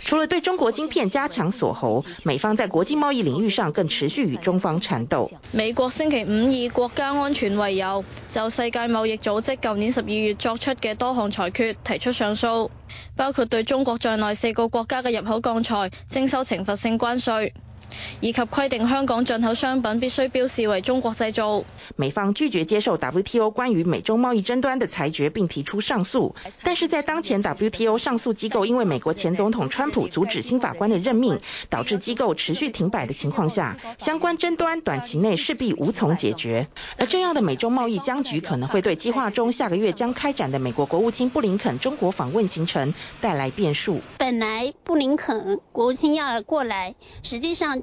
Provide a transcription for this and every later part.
除了對中國晶片加強鎖喉，美方在國際貿易領域上更持續與中方纏鬥。美國星期五以國家安全為由，就世界貿易組織舊年十二月作出嘅多項裁決提出上訴，包括對中國在內四個國家嘅入口鋼材徵收懲罰性關稅。以及規定香港進口商品必須標示為中國製造。美方拒絕接受 WTO 關於美中貿易爭端的裁決，並提出上訴。但是在當前 WTO 上訴機構因為美國前總統川普阻止新法官的任命，導致機構持續停擺的情況下，相關爭端短期內勢必無從解決。而這樣的美中貿易僵局可能會對計劃中下個月將開展的美國國務卿布林肯中國訪問行程帶來變數。本來布林肯國務卿要過來，實際上。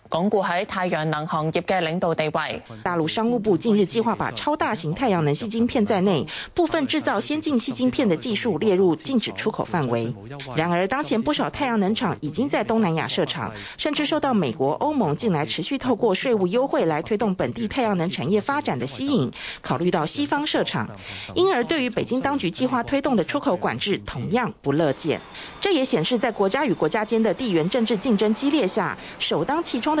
鞏固喺太陽能行業嘅領導地位。大陸商務部近日計劃把超大型太陽能矽晶片在內部分製造先進矽晶片嘅技術列入禁止出口範圍。然而，當前不少太陽能廠已經在東南亞設廠，甚至受到美國、歐盟近來持續透過稅務優惠來推動本地太陽能產業發展的吸引，考慮到西方設廠，因而對於北京當局計劃推動的出口管制同樣不樂見。這也顯示在國家與國家間的地緣政治競爭激烈下，首當其衝的。